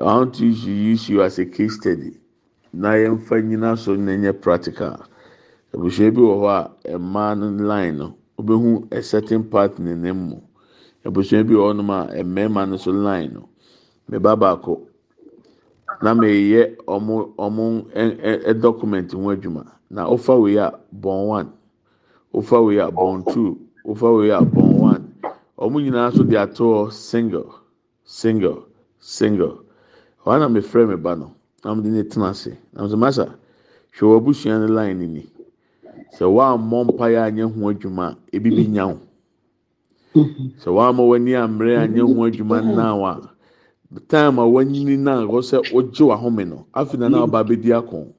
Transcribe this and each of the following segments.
I want to use you as a case study na yɛn mfa nyinaa so na nyɛ practical abusua bi wɔ hɔ a mmaa no line no obehu a certain part ne nan mu abusua bi wɔ hɔnom a mmarima no so line no mmaa baako na mmeeyɛ ɔmo ɔmo ɛ document ho adwuma na ofa wei a bɔn one ofa wei a bɔn two ofa wei a bɔn one ɔmo nyinaa so de ato single single single. hɔ na mefrɛ me ba no na mo de ne tena ase na mo sɛ masa hwɛ wɔ abusua ne line ne ni sɛ wɔammɔ mpaeɛ anyɛ ho adwuma ebi bi nya ho sɛ wɔamma w'ani ammerɛ anyɛ ho adwuma now a time a w'anyini na wɔ sɛ wogye w'ahome no afei na na ɔba abɛdi ako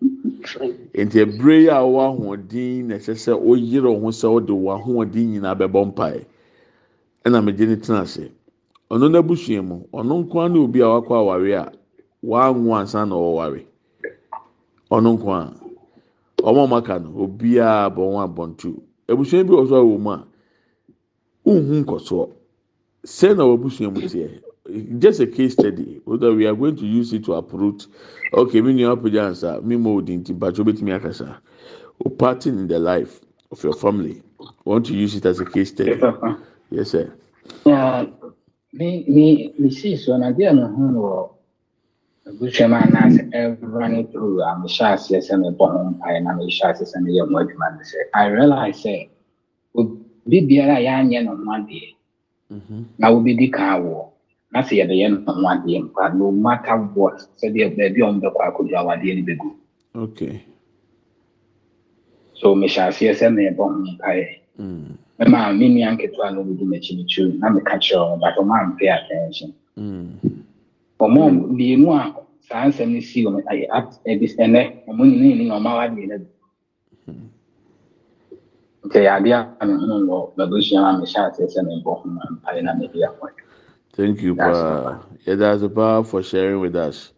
nti ebire yi a wɔwɔ ahoɔden na ɛsɛ sɛ wɔyere wɔn ho sɛ wɔde wɔn ahoɔden nyinaa bɛbɔ mpaeɛ ɛna megye ne tena ase ɔno n'abusua mu ɔno nkoa ne obi a wakɔ aware a wanwu ansa na ɔware ɔno nko a ɔmo aka no obiara bɔ wɔn abɔntu ebusua bi wɔ so a wɔn mu a nhun nkɔsoɔ sɛ na wɔn abusua mu teɛ just a case study so that we are going to use it to uproot okay mi nua apagya ansa mi mo odi nti bàtí o bẹ mi akasa o parting in the life of your family want to use it as a case study yes sir. mi mi mi si so na di ẹnu hun wọ abusuam a anaasɛ ɛrun through a mehyɛ aseɛ sɛ mebɔ ho mpaeɛ na mehyɛ aseɛ sɛ meyɛ mo adwuma no i realize sɛ obi biara a yɛanyɛ no ho adeɛ na wobɛdi kaa That's the sɛ yɛbɛyɛ no ho adeɛ mpa no matter what sɛdeɛ baabi a ɔmbɛkɔ akɔdu awadeɛ no bɛgu so mehyɛ aseɛ sɛ mebɔ ho mpaeɛ mɛma me nua nketewa no wodi m'akyi no too na meka kyerɛ ɔ but ɔma mpɛ attention mm wɔn mmienu a saa nsɛm no si wɔn ayɛ at ɛbi ɛnɛ wɔn nyinaa ni na wɔn awa deɛ ɛbi nti yɛ a ne ho wɔ mɛbusua ma mehyɛ aseɛ sɛ ne bɔ ho na mpae na mɛbi akɔ. Thank you, Pa. Yeah, that's a pa for sharing with us.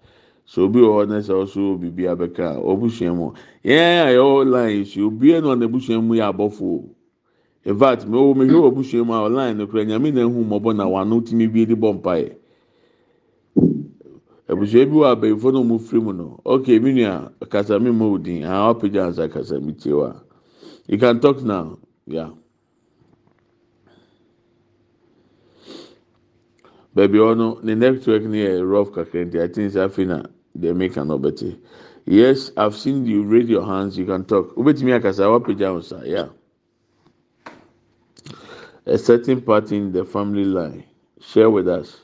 So be honest also be be abeka obushemu. Yeah, your line you be no na bushemu ya bofo. In fact, me o me hwe obushemu line. no kra nyame na hu mobɔ na wano timi bi di bɔ abusua bi wɔ abɛnfo na wɔn firi mu no okay mi nua kasa mi ma odin a wapagya ansa kasa mi tie wa you can talk now yeah. baabi ɔno ne network no yɛ rough kakra nti i think say afei na the maker no bɛte yes i have seen you raise your hands you can talk wobɛtumi akasa wapagya ansa yeah. a certain part in the family line share with us.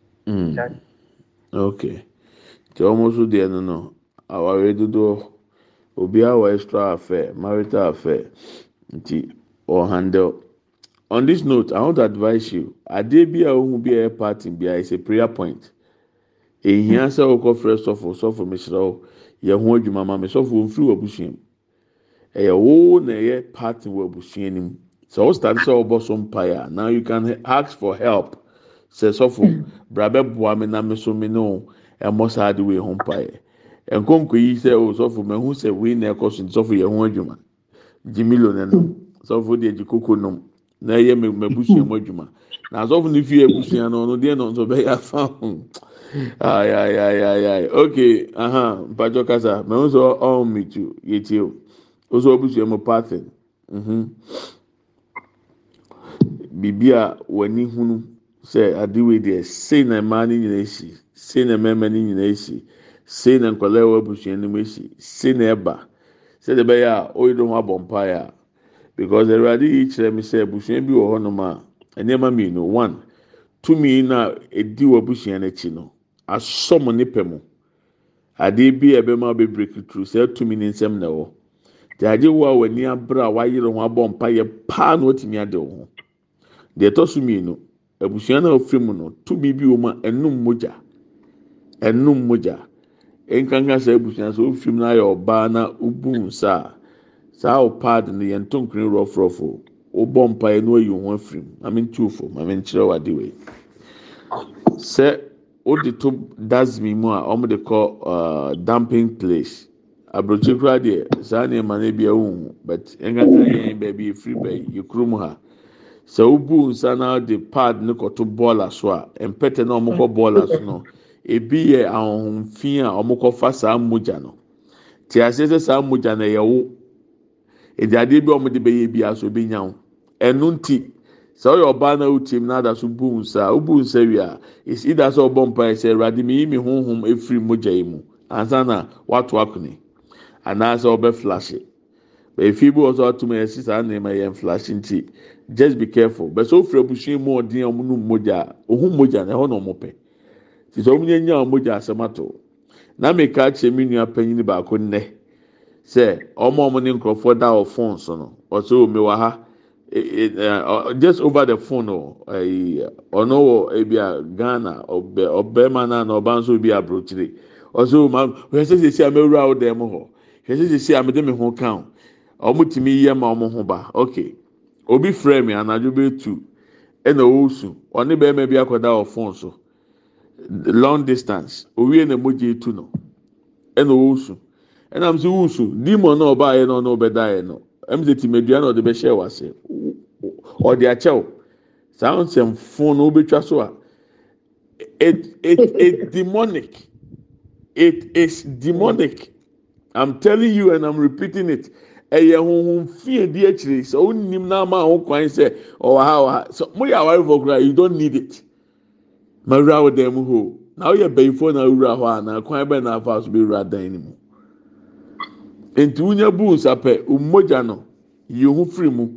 Mm. Okay. Nti wɔn nso deɛ no no, awaare dodoɔ, obiara wɔ extra affair, marital affair nti or handle. On this note, I want to advise you, adeɛ bi a ohun bi a ɛyɛ party bi a is a prayer point. Ehia sɛ ɔkɔ frɛ sɔfo, sɔfo mesrɛ wo, yɛ ho adwuma ma me, sɔfo nfiri wɔ abusua mu. Ɛyɛ wo na ɛyɛ party wɔ abusua no mu. Sɛ start sɛ ɔbɔ so mpaeɛ a, now you can ask for help sɛ sɔfo brabe boa mi na mi so mi ne o ɛmɔ saa de wei ho mpaeɛ nkonko yi sɛ o sɔfo mɛ hu sɛ wei na ɛkɔ so sɔfo yɛ ho adwuma gyi million ɛnum sɔfo deɛ gyi koko nom na ɛyɛ mɛ mɛ busua mu adwuma na sɔfo ne fie busua no ɔno deɛ na ɔnso bɛyɛ afa ho ayayayayayi okay mpatsɔ kasa mɛ hu sɛ ɔn mi tu yɛ tie o o sɔ busua mu paati mhm. biribi a w'ani hunu sɛ adiwe deɛ sei na mmaa ne nyinaa esi sei na mmarima ne nyinaa esi sei na nkwadaa ɛwɔ abusua ne mu esi sei na ɛba sɛdeɛ ɛbɛyɛ a oyi do abɔ mpaeɛ a because awurade yi kyerɛ mi sɛ abusua bi wɔ hɔnom a nneɛma mmienu one tumi na edi wɔ abusua n'akyi no asɔ mo nipa mu adeɛ bi a ɛbɛma bebree kituru sɛ tumi ne nsɛm na ɛwɔ te agye wo a w'ani abere a w'ayere ho abɔ mpaeɛ paa na otumi ade wo ho deɛ ɛtɔ so mmienu abusua no a ofiri mu no tumi bi wɔ mu a ɛnum mogya ɛnum mogya nkankan saa abusua so ofiri mu no ayɛ ɔbaa na obu nsa a saa ɔpaadi no yɛn ntonkiri rɔforɔfo ɔbɔ mpaeɛ na oyi wɔn afiri mu maame ntu fo maame nkyerɛ wɔ adi wei sɛ ɔde to dasmin mu a wɔde kɔ ɛɛ ah, damping place aburokyi kura deɛ saa nneɛma no bi ɛwɔ mu but nkankan yɛn baabi efiri bɛyi yɛ kurom ha. sɛ wobu nsa naa de pad ne koto bɔɔla so a mpɛtɛ na ɔmo kɔ bɔɔla so no ebi yɛ ahohomfin a ɔmo fa saa mogya no te aseɛ sɛ saa mogya no yɛ wo edi adeɛ bi a ɔmo de bɛyɛ bi aso bi nya wo ɛnu nti sɛ ɔyɛ ɔbaa na ɔte mu n'ada so bu nsa ɔbu nsa wi a esi da sɛ ɔbɔ mpa ɛsɛ ɛwurade mi yi mi honhom efiri mogya yi mu ansa na wato akoni anaasɛ ɔbɛ flashe. efi bi wɔ so atum ɛsi saa nneɛma yɛ nflashi nti just be careful bɛsɛ ofura busua mu ɔden ɔmo no mogya ohun mogya na ɛhɔ na ɔmo pɛ ti ɔmo nyɛ ɔmo asɛm ato na meka akyerɛ mi nua panyin baako nnɛ sɛ ɔmo ebi a ghana ɔbɛ ɔbɛrima na ɔba nso bi aburokyire ɔsɛ omi amewura awo hɔ wɔn tumi yie ma wɔn ho ba okay obi frɛ mi anadwo bɛ tu ɛna ɔresu ɔne barima bi akɔda wɔ phone so long distance owie na mogya etu no ɛna ɔresu ɛna mo sɛ ɔresu demon na ɔbaa yɛ no ɔna ɔbɛda yɛ no ɛmu sɛ tìmɛdua na ɔde bɛhyɛ wɔ ɔde akyɛw saa nsɛm phone na ɔbɛtwa so a it it it demonic it is demonic i'm telling you and i'm repeating it. ɛyɛ huhun fiin di akyire sɛ onim n'ama ho kwan sɛ ɔwɔ ha ɔwɔ ha sɛ mo yɛ awarefo kura you don't need it ma wura wo dan mu hɔ na ɔyɛ bɛyifo na wura hɔ na kwan bɛ na afa so bɛ wura dan ne mu nti wunya bu nsapɛ mmogya no yi ho firi mu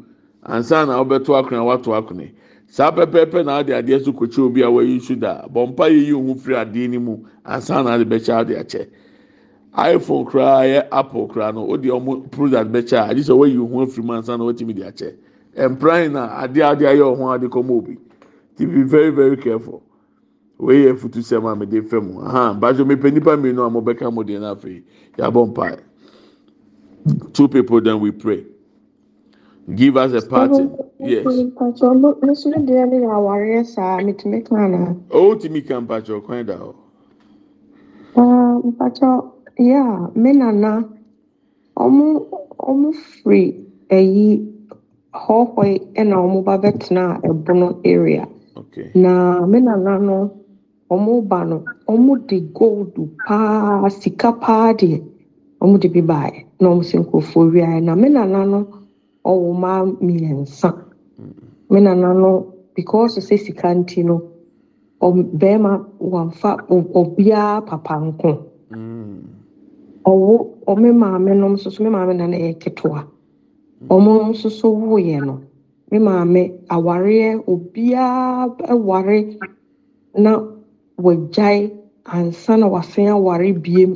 ansa na ɔbɛto akona wato akona saa pɛpɛɛpɛ na adi adeɛ so kɔkye obi a wɔyi su da bɔmpa yi yi ho firi adeɛ ne mu ansa na adi bɛkyɛ adi akyɛ. iphone koraa yɛ apple koraa no o de ɔmo product bɛkyɛ a agye sɛ wɔyi ohun afiri mu ansa na wɔtumi de akyɛ mpran na ade ade ayɛ ɔho ade kɔmɔ obi To be very very careful wɔyɛ efutu sɛm a mɛde fɛ mu ahan baasi mepɛ nipa mmienu a mo bɛka mo deɛ n'afɛ yabɔ mpae two people then we pray give us a party yes. mpatsɔ mo mesu deɛ ne yɛ awareɛ saa mitumi kan na. o timi ka mpatsɔ kwan da hɔ. mpatsɔ. yeah me nana ọmụ ɔmo firi ɛyi hɔhɔ yi ɛna ɔmo ba bɛtena ɛbono area na me nana no ọmụ ba no ɔmo de gold paa sika paa di ɔmo de bi baeɛ na ɔmo sɛ nkurɔfoɔ wiaeɛ na me nana no ɔwɔ mmaa mmiɛnsa mm. me nana no because sɛ sika nti no ɔm bɛrima wɔmfa ɔbiara papa nko. ɔwo ɔme maamenom nso so me maame na na yɛ ketewa ɔmo nso so woyɛ no me maame awareɛ obiara ware na wagyae ansa na wasen aware biem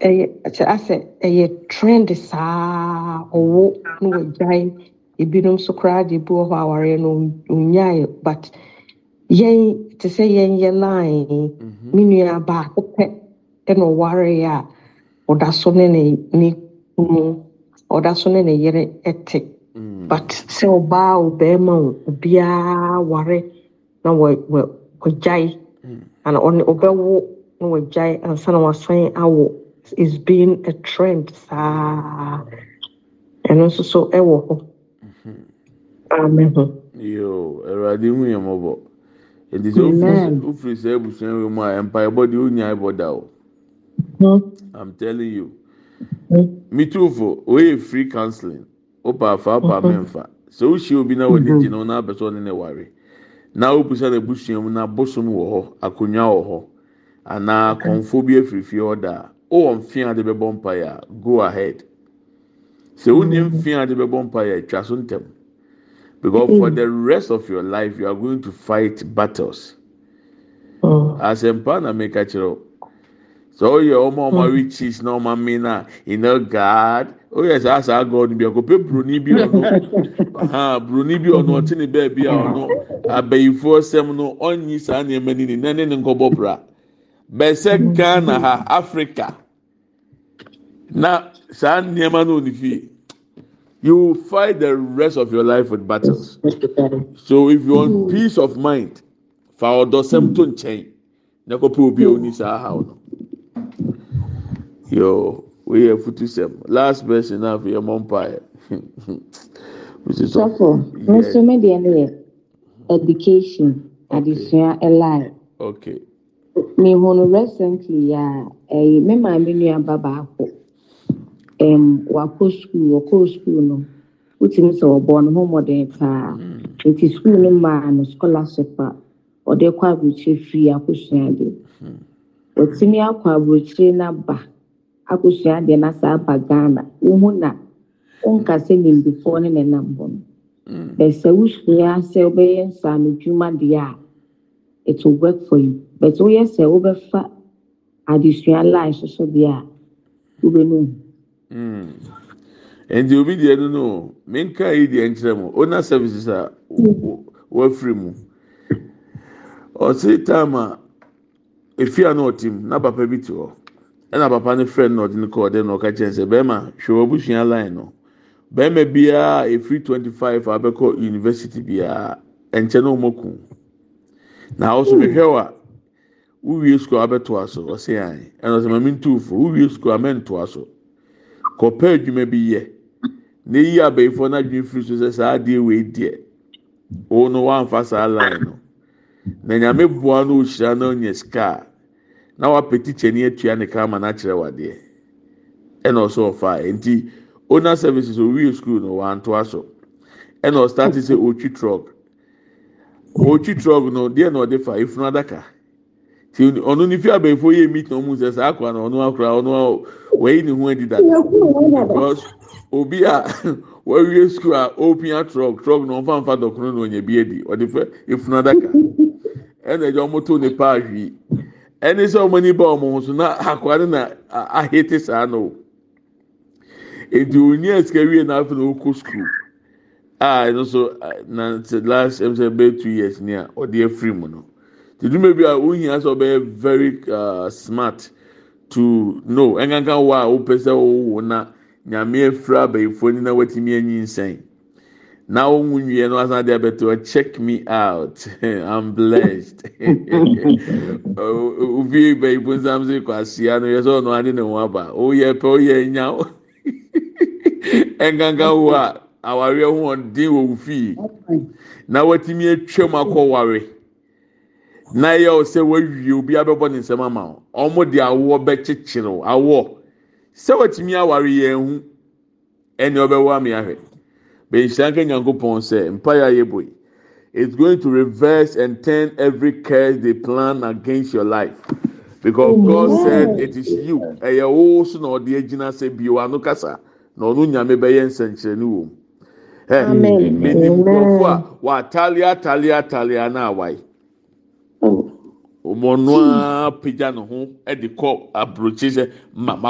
ɛyɛ kyɛ asɛ ɛyɛ trend saa ɔwo na wagyae ebinom nso koraa de bu wɔ hɔ awareɛ no onnyae but yɛn te sɛ yɛn yɛ line mhm. me nua baako pɛ ɛna ɔwareɛ a. ɔda so ne ne ne kunu ɔda so ne ne yere ɛte but sɛ ɔbaa ɔbɛrima o obiara ware na wɔ wɔ ɔgyae ana ɔne ɔbɛwo na wagyae ansa na wasan awo is being a trend saa ɛno nso so ɛwɔ hɔ amen ho. yoo awurade hu yɛn mɔbɔ edi sɛ ofiri sɛ ebusua wɔ mu a mpaebɔ de o nya ɛbɔ da o. Mm-hmm. i'm telling you mm-hmm. me too for oye free counseling ọba afa ọba mẹmfa mm-hmm. sọ wusie obi na wọde gyina ọna abẹsẹ ọne ne ware na obusa na ebusua mu na abosom wọ hɔ akonnwa wɔ hɔ anaa kɔnfo bi efirifiri ɔda a ɔwɔ mfe ade bɛbɔ mpaeɛ a go ahead So you mfe ade bɛbɔ mpaeɛ a twa so because for the rest of your life you are going to fight battles oh. asɛmpa na mɛka kyerɛw so oyɛ oh, ɔmo oh, ɔmo awi cheese na ɔmo ami na you know god oyɛ saa saa god bi ɔkɔpɛ broni bi ɔno ha broni bi ɔno ɔte ne baabi a ɔno abɛyifoɔ sɛm no ɔnyi saa nneɛma ni ne nan ne nkɔbɔ bra bɛsɛ ghana ha africa na saa nneɛma no ni fie you fight the rest of your life with battles so if you want peace of mind for ɔdɔ sɛm to nkyɛn na kɔpɛ obi a oni saa ha ɔno. yo we have put futu sɛm last verse na afei yɛ mɔ mpaeɛ sɔfo nso mi deɛ no yɛ education adesua ɛlae okay Me hu eh, no recently a ɛyɛ mi maame nua ba baako ɛm school, sukuu wɔkɔ sukuu no wotumi sɛ wɔbɔ ne ho mmɔden paa nti sukuu no maa no scholarship a ɔde kɔ aburokyire firi akosua de wɔtumi akɔ aburokyire n'aba. Mm. akosua adeɛ na saa aba ghana wohu na wonka sɛ nimdifoɔ ne nenam hɔ no mm. bɛ sɛ wosua sɛ wobɛyɛ nsaano dwuma deɛ a it will work for you but woyɛ sɛ wobɛfa adesua line soso deɛ a wobɛnu nti obi deɛ no no menka yi deɛ nkyerɛ mu owner services a wafiri mu ɔsi taama efia na ɔtim na papa bi te hɔ. ɛna papa ne friend na ɔde dị kɔ ɔde no ɔka kyerɛ sɛ bɛrima hwɛ abusua line no barima biara efiri twenty five abɛkɔ university biara ɛnkyɛn na wɔn ku na ɔso wa wuwie ɔsi anyi ɛna ɔsɛ maame ntuufo wuwie bi yɛ na eyi na adwuma firi so sɛ saa adeɛ wei deɛ wɔn no wɔn anfa saa line na nyame boa na na peti tikyɛni atua ne kama n'akyerɛ wadeɛ ɛna ɔsɛ ɔfa nti owner services owie school no wantoa so ɛna ɔstarte sɛ ɔtwi truck ɔtwi truck no deɛ na ɔde fa efunu adaka ti ɔno nifi abɛnfo yɛ meet na ɔmo sɛ saa akora na ɔno akora ɔno wɔyi ne ho adi dada because obi a wɔawie school a opia truck truck na ɔnfanfa dɔkono na ɔnyɛ bi adi ɔde fɛ efunu adaka ɛna ɛdi ɔmo to ne paa hwii. ɛne sɛ wɔn ani ba wɔn ho so na akwari na ahete saa no edi onye asika wie na afei na okɔ sukuu a ɛno so na last ɛm sɛ bɛyɛ two years ni a ɔde afiri mu no te duma bi a ohia sɛ ɔbɛyɛ very uh, smart to know ɛnkankan wɔ a wɔpɛ sɛ wɔwɔ na nyame afira abɛyifoɔ ni na wɔatumi anyi nsɛn. Now, when you know, as I did, check me out. I'm blessed. Uvi bayi punza mzi kwa siyano yeso no adi ne waba. Oh yeah, pe oh yeah nyao. Enganga wa awari ho ndi wo ufi. Na watimi etwem akọ ware. Na ye o se wawie obi abebọ ne nsem ama. Ọmọ de awọ be chichiro awọ. Se watimi aware ye hu. Ene obewọ mi ahwe. it's going to reverse and turn every curse they plan against your life because Amen. God said it is you ɛyɛ wo nyame a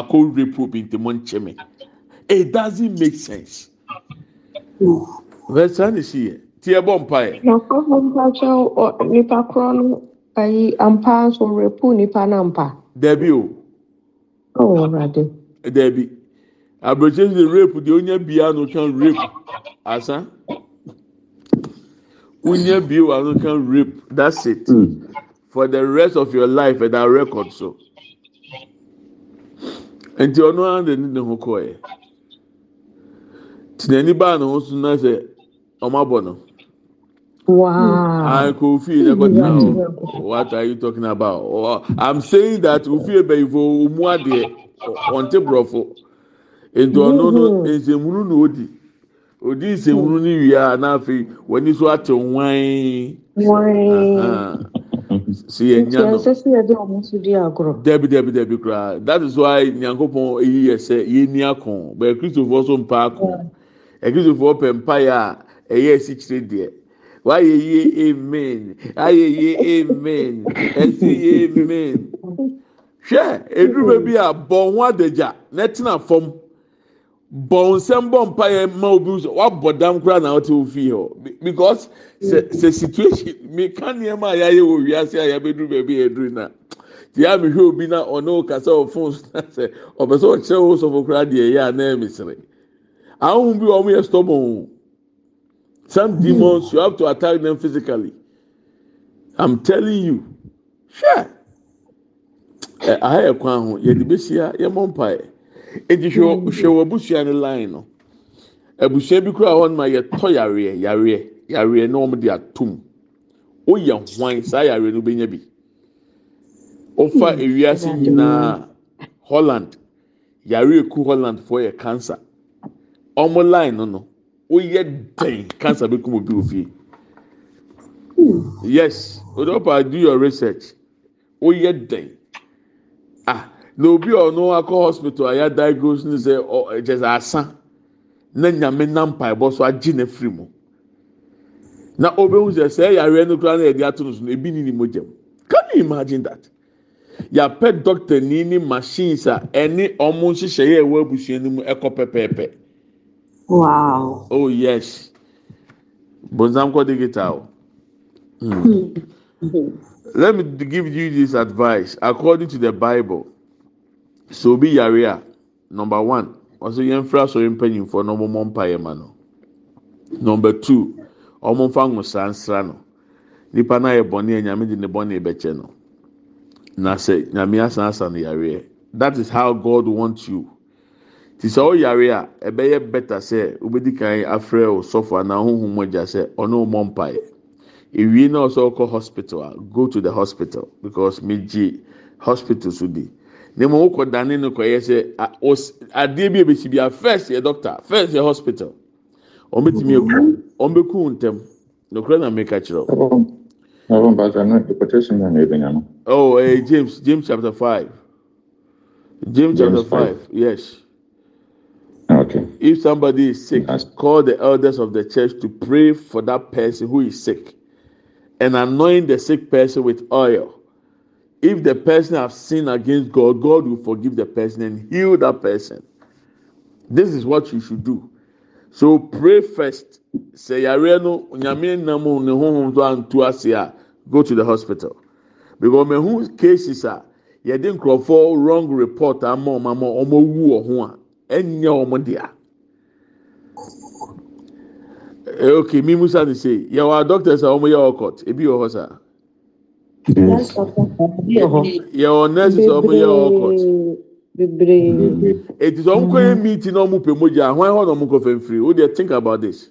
ho de ma it doesn't make sense. bẹẹsán ni si yẹ tí ẹ bọ mpa yẹ. n'akọfọ mpakyɛ nipa korɔ no ayi ampa nso repu nipa na mpa. dẹbi o. ọwọ ọrade. dẹbi aburokyerɛ de rape de onye bia no kan rape asa onye bia wa no kan rape that's it mm. for the rest of your life ɛda record so nti ɔno ara de ne ne ho kɔ tinani baa na ho so na sɛ ɔmo abɔ no. Wow. I could feel like now. Hmm. What are you talking about? Oh, I'm saying that Ufie Beivo Umuade on Tebrofo. Into no no mm-hmm. is a munu odi. Odi is a munu we are now when you saw to wine. Wine. Uh-huh. See, and Debbie, Debbie, Debbie cry. That is why Nyankopon, he said, Ye Nyakon, but Christopher also Mpakon akristofoɔ pɛ mpaeɛ a ɛyɛ asikyire deɛ wayɛ yie amen ayɛ yie amen ɛsi yie amen hwɛ eduruma bi a bɔn ho adagya na ɛtena fam bɔn nsɛm bɔ mpaeɛ ma obi so wabɔ dam koraa na ɔte ofi hɔ because sɛ sɛ situation meka nneɛma a yɛayɛ wɔ wiase a yɛabɛduru baabi a yɛduru na tia mehwɛ obi na ɔne okasa ɔfon na sɛ e ɔbɛ sɛ ɔkyerɛ wo sɔfo koraa deɛ ɛyɛ a na ɛmesere. ahụhụ bi wɔn yɛ stubborn some hmm. demons you have to attack them physically i'm telling you hwɛ ɛ aha yɛ kwan ho yɛde besia yɛ mɔ mpaeɛ eti hwɛ hwɛ wɔ abusua line no bi kura yareɛ yareɛ yareɛ na wɔn de atum oyɛ hwan saa yareɛ no benya bi ofa si nyinaa holland yareɛ holland fo yɛ cancer. ɔmo line no no woyɛ den cancer bɛ kum obi wɔ fie yes odɔpa do your research woyɛ den ah na obi a ɔno hospital a yɛ diagnose ne sɛ ɔ ɛkyɛ sɛ asa na nyame nam mpaebɔ so agye ne firi mu na obehu sɛ sɛ yareɛ no koraa na yɛde ato no so ebi ni ne mogya mu can you imagine that yàpɛ doctor ni ni machines a ɛne ɔmo nhyehyɛ yɛ ɛwɔ abusua no mu ɛkɔ pɛpɛɛpɛ. Wow. Oh yes. Bonsamko digital. Hmm. hmm. Let me give you this advice according to the Bible. So be yare number one ɔsɛ yɛn fira sɔrɔ mpanyinfoɔ na ɔmo mɔ mpaeɛ ma number two ɔmo nfa nwosan sra no nipa na yɛ bɔnne yɛ nyame de ne bɔnne bɛkyɛ no na that is how God wants you ti sɛ ɔyare a ɛbɛyɛ bɛta sɛ wobɛdi kan afrɛ ɔsɔfo anaa ahohom mogya sɛ ɔno ɔmɔ mpaeɛ ewie na ɔsɛ ɔkɔ hospital a go to the hospital because megye hospital so di ne mu wokɔ dane no kɔyɛ sɛ adeɛ bi a ebesi bi a first yɛ doctor first yɛ hospital wɔn bɛtumi mm-hmm. eku wɔn bɛku ntɛm nokura na meka kyerɛ o. ɔwɔ mpaasa na deportation na ebenya no. oh eh, james james chapter five james, chapter five. yes. if somebody is sick call the elders of the church to pray for tha person who is sick and anoin the sick person with il if the person hae sin against god god will forgive the person and heal tha person this is what you should do so pray first sɛ reɛ nnyanmehoantuase a go to the hospital bcmahu cases a yɛdenkrɔfo wrong report amamu ɛnyɛ wɔn dea ok mi musa ni se yɛ wɔ doctors a wɔn yɛ wɔ court ebi wɔ hɔ saa yɛ wɔ nurses a wɔn yɛ wɔ court meeting na ɔmo pɛ mo gya na ɔmo kɔ fɛn firi o think about this.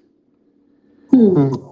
Hmm. Hmm.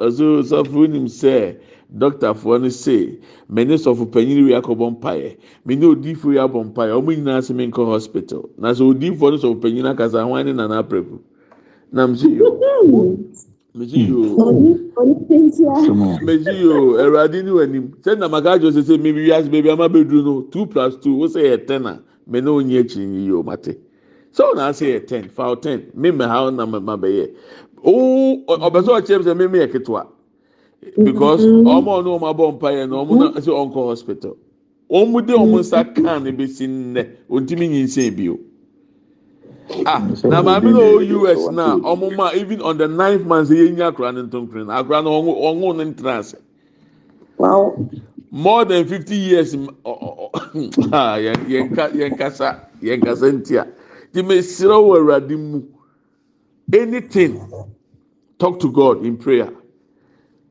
ɔsɛ sɔfo nim sɛ dɔktafoɔ no se mene sɔfo panyin wi akɔbɔ mpaeɛ mene odiifoɔ wi abɔ mpaeɛ wɔn nyinaa se menkɔ hospital na sɛ odiifoɔ no sɔfo panyin akasa ahoan ne nana apɛpu nam se yo meji yo meji yo ɛwurade ni wɔn anim sɛ namaka adwo sɛ sɛ mebi wiase beebi ama beduru no two plus two wosɛ yɛ ten a mene onye akyiri yi o mate sɛ ɔna ase yɛ ten fowl ten me mɛ ha ɔna ɔbɛ sɛ ɔkyerɛ mi mmemme mímí yɛ ketewa because ɔmo ɔno ɔmo abɔ mpa yɛ na ɔmo na sɛ ɔnkɔ hospital ɔmo de ɔmo nsa kan ne si nnɛ nyi nsɛn bi o ah na maame na ɔwɔ us na ọmụma ma even on the ninth month sɛ yɛn nyɛ akora ne ntonkiri na na ɔmo ɔmo ne ntrance. Wow. more than fifty years yɛn kasa yɛn kasa ntia mu anything. talk to god in prayer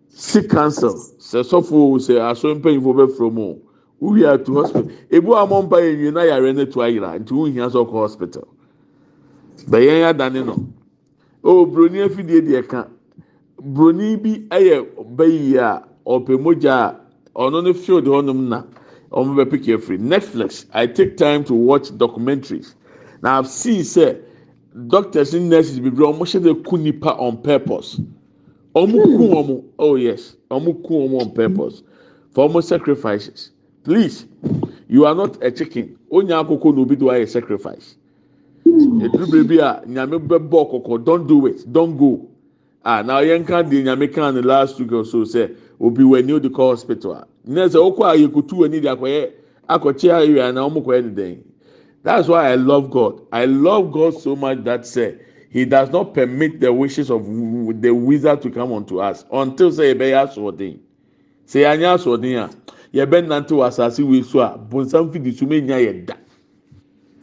seek counsel I saw him aso for me from o are to hospital ebu a mo mpa yɛ nwi na yare ne to ayira nti wo nhia sɛ ɔkɔ hospital bɛyɛn adane no o broni afidie deɛ ka broni bi ayɛ bɛyi a ɔpɛ mogya a ɔno ne field hɔnom na ɔmo bɛ pick your free netflix i take time to watch documentaries Now i've seen say. doctors and nurses be wɔn hyɛ dɛ ku on purpose wɔn ku wɔn hmm. oh yes wɔn ku wɔn on purpose for wɔn sacrifices please you are not a chicken onya akoko na obi do ayɛ sacrifice eduru beebi a nyame bɛ bɔ don do it don go ah na yɛn ka di nyame kan ne last week or so sɛ obi wɔ ani o de hospital nurse okwa a yɛ kutu wɔ ani de akɔyɛ akɔkye ayɛ na wɔn kɔ That's why I love God. I love God so much that say He does not permit the wishes of the wizard to come unto us until say ebe ya Say anya yanya asɔɔden a yɛbɛ nante wɔ asase wei so a bonsam fi di so menya yɛ da.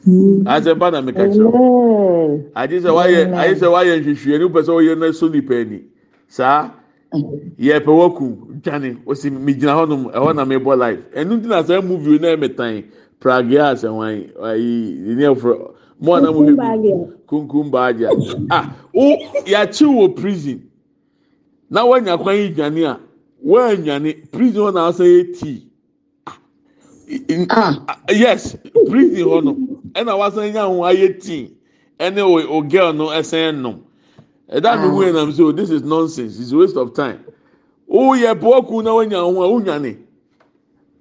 Mm. Asɛ ba na meka kyerɛ. Agye sɛ wayɛ agye sɛ wayɛ nhwehwɛ ni pɛ sɛ wɔyɛ na so nipa ani. Saa yɛ pɛ wɔ kum dwane osi mi gyina hɔnom ɛhɔ na life. and ti na sɛ move view na ɛmɛ tan pragea asɛnwan ayi yini ɛfrɛ mu anam hɛ kunkum baagya ah o yɛakyi e wɔ prison na wanya kwan yi dwane a wanyane prison hɔ na asɛ yɛ ah. ah, yes prison hɔ no ɛna wasan nya ho ayɛ tii ɛne o o girl no ɛsɛn nom ɛda no hu ɛnam so this is nonsense it's a waste of time o yɛ bɔɔku na wanya ho a o nyane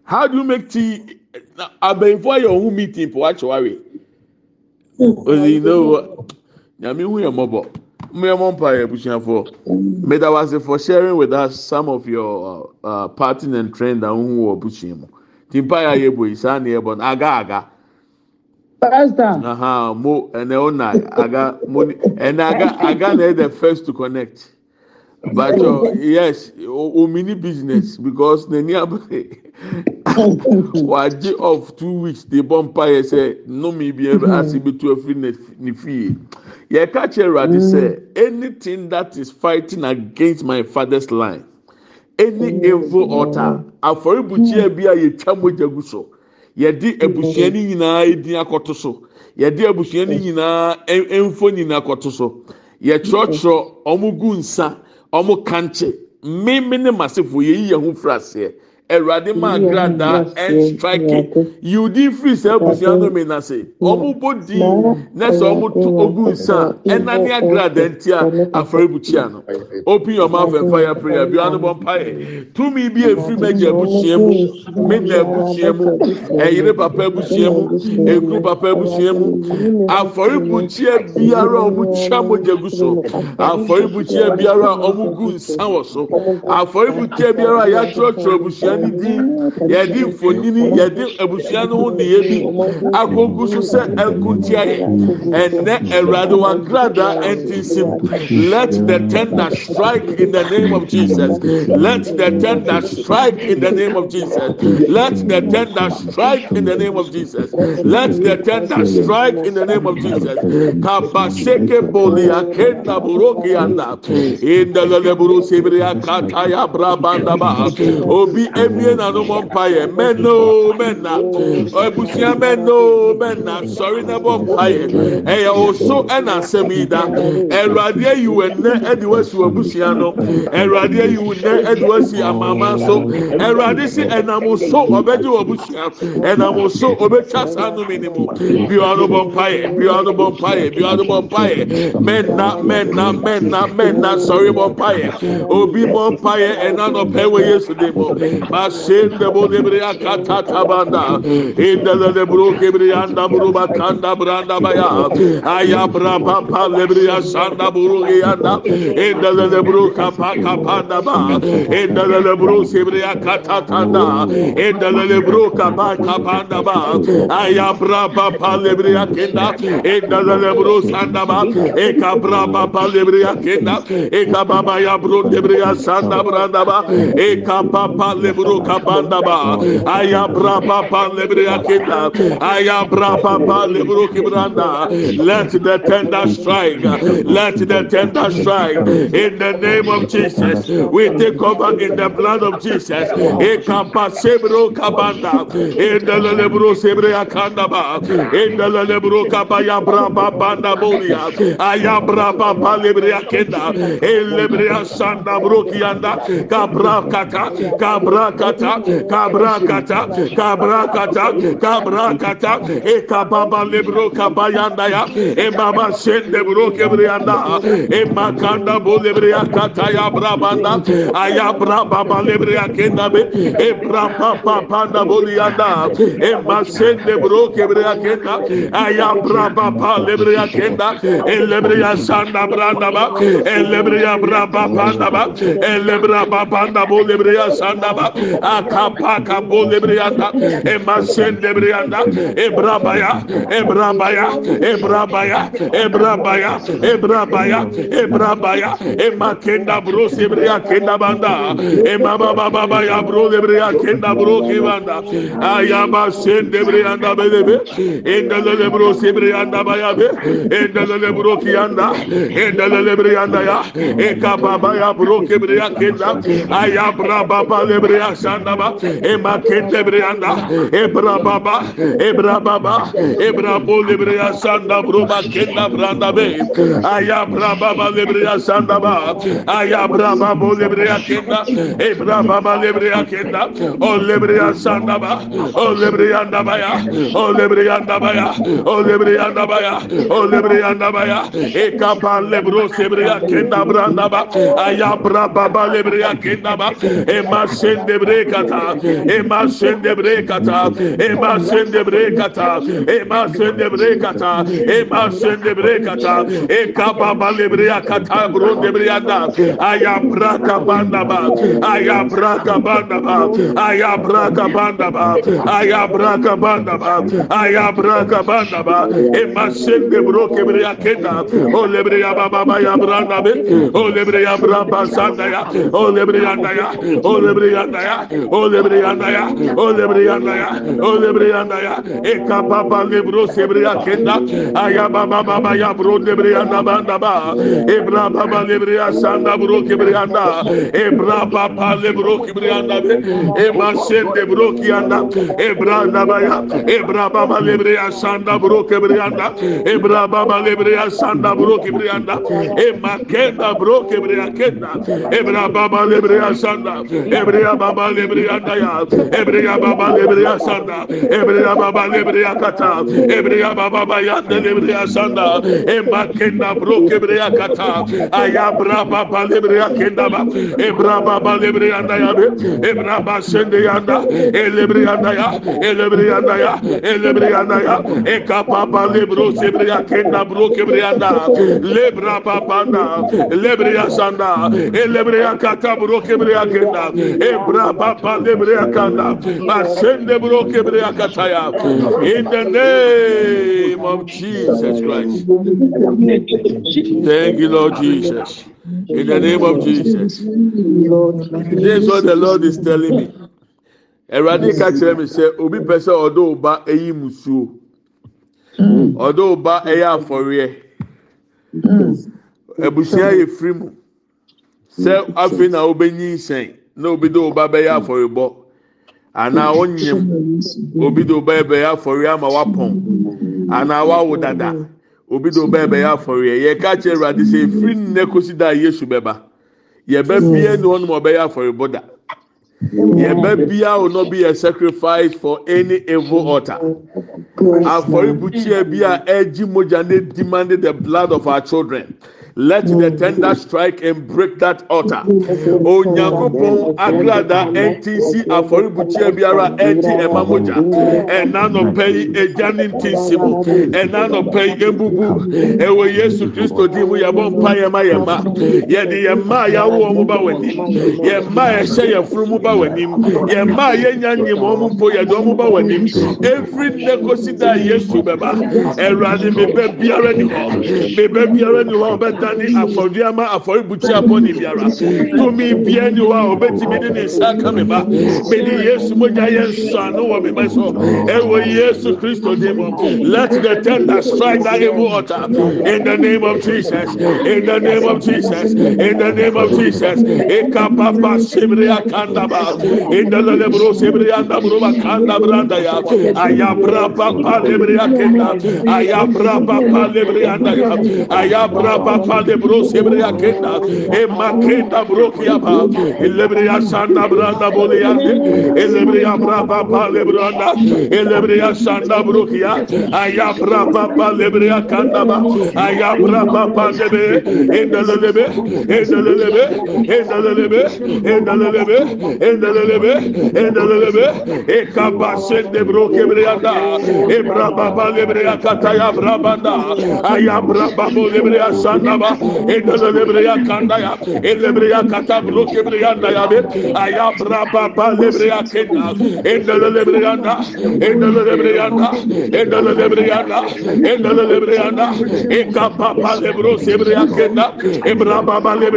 how do you make tea. abaifo ayɛhu mtin pwaaaɔ fɔ harin ithsomefy parian tdaoammɛyɛnaga neɛh tɔmini business because nana wagye of two weeks de bɔ mpa yɛ sɛ nnome bi tu betu afiri ne ya yɛka kyerɛ awurade sɛ anything that is fighting against my father's line any mm. evil altar afɔrebukyia mm. bi a yɛtwa mogya gu so di abusua mm-hmm. no nyinaa edin akɔto so di abusua no mm. nyinaa e, e mfoni nyinaa akɔto so yɛtwerɛtwerɛ ɔmo mm-hmm. gu nsa ɔmo kankye mmemme ne masefo yɛyi yɛn ho fura awurade maa gradaa ɛnstrike yudi firi sɛ abusua no mi na se wɔn bɔ di na sɛ wɔn to ogu nsa ɛnani agradaa nti a afɔrebukyia no open your mouth and fire prayer bi wɔn bɔ mpa yɛ tumi bi efiri mɛgya abusua mu mina abusua mu ɛyere papa abusua mu egu papa abusua mu afɔrebukyia biara a wɔn kyia mogya gu so afɔrebukyia biara a wɔn gu nsa wɔ so afɔrebukyia biara a yɛatwerɛtwerɛ abusua. mfonini no ho bi so let the tender strike in the name of jesus let the tender strike in the name of jesus let the tender strike in the name of jesus let the tender strike in the name of jesus kabaseke brabanda ba obi Men no ebie n'anụmọ mpa yɛ mɛnna o men ebusua mɛnna o mɛnna sɔrɔ n'abɔ mpa yɛ ɛyɛ oso ɛna asɛm yi da you eyi wɔ nnɛ ɛde wasi wɔ ebusua no ɛwurade eyi wɔ nnɛ ɛde wasi amaama so ɛwurade si ɛnam so ɔbɛgye wɔ ebusua ɛnam so ɔbɛtwa saa nnum ni mu bi wɔn anụmọ mpa yɛ bi wɔn no mpa yɛ bi wɔn anụmọ mpa Men mɛnna men mɛnna mɛnna sɔrɔ mɔ mpa yɛ obi mɔ mpa yɛ ɛnanɔ pɛ wɔ yesu de mɔ. Masinde bu debriya kata tabanda. İndele de buru kebriyanda buru bakanda branda baya. Ayabra papa lebriya sanda buru giyanda. İndele de buru kapa kapanda ba. İndele de buru sebriya kata tanda. İndele de buru kapa kapanda ba. Ayabra papa lebriya kenda. İndele de buru sanda ba. Ekabra papa lebriya kenda. Ekababa ya buru debriya sanda branda ba. Ekababa lebriya kabanda ba aya pa lebre akita aya pa lebro kibranda let the tender strike let the tender strike in the name of Jesus we take over in the blood of Jesus e kapasebro kabanda in the lebro sebre akanda ba in the lebro kabaya brapa banda bolia aya brapa pa lebre akita e lebre asanda bro kianda kabra kaka kabra Kabra kabra kabrakata kabra kabrakata e kababa lebro kabayanda ya e baba sen lebro kebriyanda e makanda bu lebriya kata ya brabanda aya brababa lebriya kenda be e braba papanda bu yanda e masen lebro kebriya kenda aya braba pa lebriya kenda e lebriya sanda branda ba e lebriya braba panda ba e lebriya babanda bu lebriya sanda ba akapa kabu lebriyanda emasen lebriyanda ebrabaya ebrabaya ebrabaya ebrabaya ebrabaya ebrabaya emakenda bro sebriya kenda banda emaba baba baya bro lebriya kenda bro kibanda ayaba sen lebriyanda bedebe endele bro sebriyanda baya be endele bro kiyanda endele lebriyanda ya ekapa ya bro kebriya kenda ayabra baba lebriya Ebra Sandaba, Eba Kentebrianda, Ebra Baba, Ebra Baba, Ebra Bolibria Sanda Bruba Kenda Branda Be, Ayabra Baba Libria Sanda Ba, Ayabra Baba Bolibria Kenda, Ebra Baba Libria Kenda, O Libria Sanda Ba, O Librianda Baya, O Librianda Baya, O Librianda Baya, O Librianda Baya, Ekapa Lebro Sebria Kenda Branda Ba, Ayabra Baba Libria Kenda Ba, Ema Sende brekata, ema sende brekata, ema sende brekata, ema sende brekata, ema sende brekata, e kababa lebreya kata bro debreyanda, aya braka banda ba, aya braka banda ba, aya braka banda ba, aya braka banda ba, aya braka banda ba, ema sende bro keta, o lebreya baba ba ya branda be, o lebreya braba sanda ya, o lebreya ya, o lebreya ya, yandaya, o lebre ya, o lebre yandaya, o lebre yandaya. E kapapa lebro sebre yakenda, aya baba baba ya bro lebre yanda banda ba. E bra baba lebre yasanda bro kebre yanda. E bra papa lebro kebre yanda be. E masen de bro ki yanda. E bra baba ya, e bra baba lebre yasanda bro kebre yanda. E bra baba lebre yasanda bro kebre yanda. E makenda bro kebre yakenda. E bra baba lebre yasanda. E bra baba baba lebriya daya, ebriya baba lebriya sanda, ebriya baba lebriya kata, ebriya baba yanda lebriya sanda, emba kenda bro kebriya kata, ayabra baba lebriya kenda ba, ebra baba lebriya daya be, ebra ba sende yanda, elebriya daya, elebriya daya, elebriya daya, eka baba lebro sebriya kenda bro kebriya da, lebra baba na, lebriya sanda, elebriya kata bro kebriya kenda, ebra in the name of Jesus Christ. Thank you, Lord Jesus. In the name of Jesus. This is what the Lord is telling me. Ẹ̀rọ̀dì ká kyerẹ́ mi sẹ́, obi pẹ̀ sẹ́ ọ̀dọ́ ọba ẹ̀yí musuo, ọ̀dọ́ ọba ẹ̀yẹ afọ̀rẹ́ẹ, ẹ̀bùsùn ayé firi mu, na ọbẹ̀ yín sẹ́yìn na obi de ọba bɛyɛ afɔrebɔ anaa ɔnyim obi de ọba bɛyɛ afɔre ama wapɔn anaa wawo dada obi de ọba bɛyɛ afɔre yɛ ká kyerɛ ɛwurade sɛ efiri nnɛ kosi da yesu bɛba hmm. yɛbɛ bia ni wɔn mu ɔbɛyɛ afɔrebɔ da yɛbɛ bia will not be a sacrifice for any evil altar hmm. afɔrebukyia bi a ɛgyi e mogya ne demanded the blood of our children let the tender strike and break that altar onyankopɔn agrada ɛnti si afɔribukyia biara ɛnti ɛma mogya ɛna nɔpɛ yi egya ne nti si mu ɛna nɔpɛ yi ebubu ɛwɔ yesu kristo di mu yɛbɔ mpa yɛn ma yɛn ma yɛde yɛn ma a yawo wɔn ba wɔ anim yɛn ma a yɛhyɛ yɛn funu mu ba wɔ anim yɛn ma a yɛnya nyim wɔn mpo yɛde wɔn ba wɔ anim every negosi da yesu bɛba ɛwurade mebɛ biara ni hɔ mebɛ biara ni hɔ ɔbɛda. biara ne afɔduama afɔrebukyi biara tumi ni wa obetumi ne nsa mi ba yesu yɛ wɔ mi ba so yesu kristo mu let the thunder strike that evil in the name of jesus in the name of jesus in the name of jesus sebiri sebiri ya papa lebiri akenda papa lebiri anda ya papa de bro sebreya kenda e makenda bro elebre ya sanda branda boleya elebreya braba pale branda e ya sanda bro ya aya braba pale breya kanda ba aya braba pale be endelelebe endelelebe endelelebe endelelebe endelelebe endelelebe e kabase de bro kebreya da e braba pale breya kataya braba da aya braba boleya sanda Kandaya, Kenda, Kenda, Kanda Brandaba,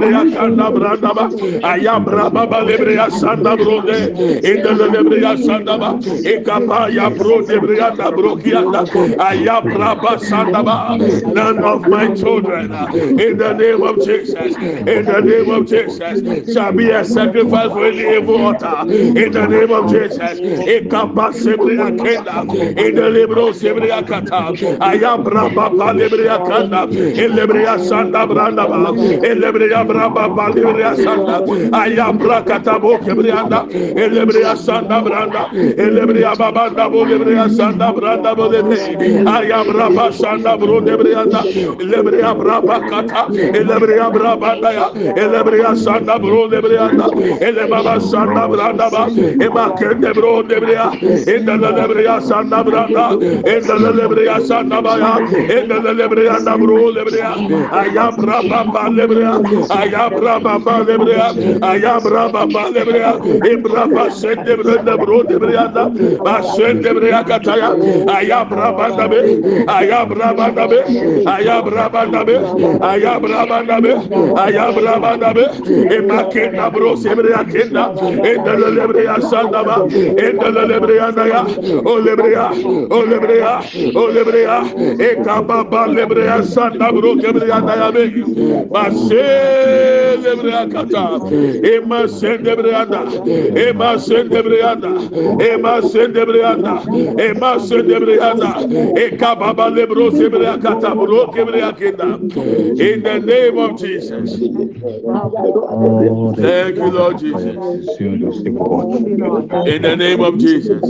none of my children in the name of Jesus, in the name of Jesus, shall be a sacrifice for the evil altar, in the name of Jesus, in Kabasibri Akenda, in the Libro Sibri Akata, Ayabra Baba Libri Akanda, in Libria Santa Brandaba, in Libria Braba Libria Santa, Ayabra Katabo Kibrianda, in Libria Santa Branda, in Libria Babanda Bolibria Santa Branda Bolibri, Ayabra Santa Bro Debrianda, Libria Braba Sata, Elebria Brabandaya, Elebria Santa Bro Debrianda, Elebaba Santa Brandaba, Eba Kende Bro Debria, Enda Lebria Santa Branda, Enda Lebria Santa Baya, Enda Lebria Santa Bro Debria, Ayam Brababa Lebria, Ayam Brababa Lebria, Ayam Brababa Lebria, Ebraba Sente Brenda Bro Debrianda, Basente Bria Kataya, Ayam Brabanda Be, Ayam Brabanda Be, Ayam Brabanda Be, Ayabrabanabe, Ayabrabanabe, Emakenda bros, Ebrea Kenda, Endelebrea Sandaba, Endelebrea Naya, Olebrea, Olebrea, Olebrea, Ekababa Lebrea Sandabro, Ebrea Nayabe, Mase Lebrea Kata, Ema Sendebreanda, Ema Sendebreanda, Ema Sendebreanda, Ema Sendebreanda, Ekababa Lebros, Ebrea Kata, Bro, Ebrea Kenda, In the name of Jesus. Thank you, Lord Jesus. In the name of Jesus.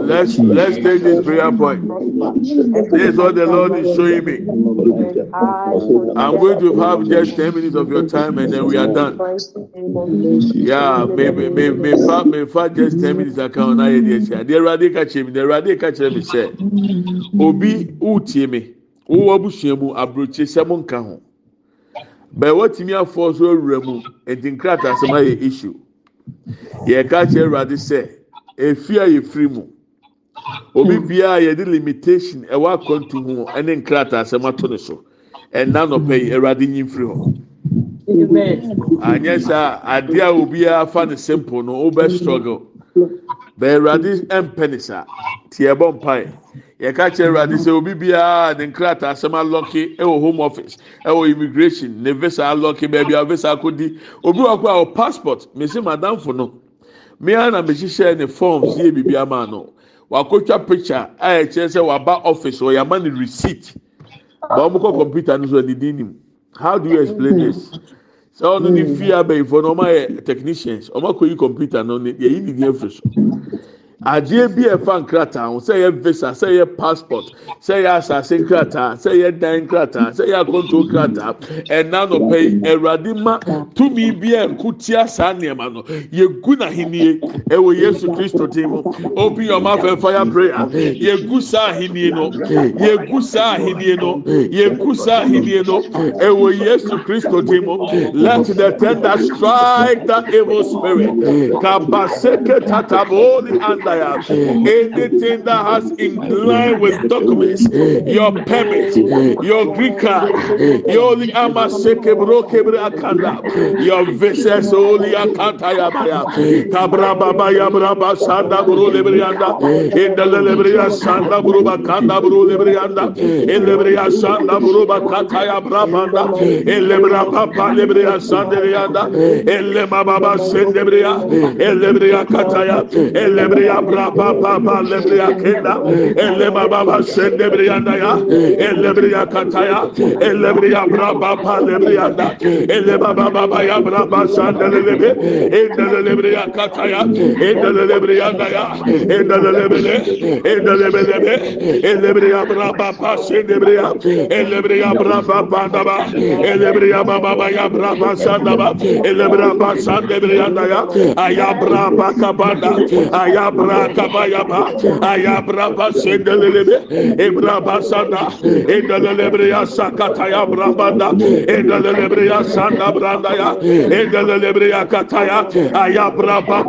Let's let's take this prayer point. This is what the Lord is showing me. I'm going to have just 10 minutes of your time and then we are done. Yeah, maybe maybe may, may, may, may just 10 minutes account na yɛ deɛ kyɛ. Deɛ Awurade ka kyerɛ mi, deɛ Awurade ka kyerɛ mi sɛ, obi wutie mi wowɔ abusua mu aburokyi sɛm nka ho bɛɛ wɔtumi afɔ so awura mu nti nkrataa sɛm ayɛ issue yɛka kyerɛ awurade sɛ efi a yɛfiri mu obi biara yɛde limitation ɛwɔ akɔntu ho ɛne nkrataa sɛm ato ne so ɛnna nɔpɛ yi awurade nyi mfiri hɔ anyɛ saa adeɛ a obiara afa ne simple no wobɛ struggle bɛɛ awurade ɛmpɛ ne saa tie ɛbɔ mpae yɛka kyerɛ awurade sɛ obi biara ne nkrataa asɛm alɔke ɛwɔ home office ɛwɔ immigration ne visa alɔke baabi a visa akɔdi obi wɔ kɔ a ɔ passport mesi madamfo no mmea na mehyehyɛ ne forms yɛ biribi ama no wakɔtwa picture a yɛkyerɛ sɛ waba office wɔ yɛama ne receipt ba wɔn kɔ computer no so ɛde nim how do you explain this sɛ ɔno ne fie abɛyifoɔ no ɔmo ayɛ technicians ɔmo akɔyi computer no ne yɛyi ne afiri so adeɛ bi a ɛfa nkrataa ho sɛ yɛ visa sɛ yɛ passport sɛ yɛ asase nkrataa sɛ yɛ dan nkrataa sɛ yɛ akonto nkrataa ɛna nɔpɛ yi ɛwurade ma tumi bi a nko tia saa nneɛma no yɛgu n'ahenie ɛwɔ yesu kristo din mu obi yɛ ɔmo afɛ fire prayer yɛgu saa ahenie no yɛgu saa ahenie no yɛgu saa ahenie no ɛwɔ yesu kristo din mu let the tender strike that evil spirit kabaseke tatabo ni and. supplier, anything that has in line with documents, your permit, your green card, your akanda, your visas, only akantayabaya, tabrababa yabraba sanda buru lebrianda, indele lebria sanda buru bakanda buru lebrianda, elebria sanda buru bakataya brabanda, elebra papa lebria sanda lebrianda, elebaba sende bria, elebria kataya, elebria Yabra papa pa lebriya kenda. Elle baba ba sende briya da ya. Elle briya kataya. Elle briya bra papa lebriya da. Elle baba baba ya bra ba sende lebi. Elle lebriya kataya. Elle lebriya da ya. Elle lebele. Elle lebele. Elle briya bra papa sende briya. Elle briya bra papa da ba. Elle briya baba ba ya bra ba sende ba. Elle bra ba sende briya da ya. Ayabra ba kabanda. Ayabra Rakabayaba, Ayabraba Sendelebe, Ebrabasana, Endelebrea Sakataya Brabanda, Endelebrea Brandaya, Endelebrea Kataya, Ayabraba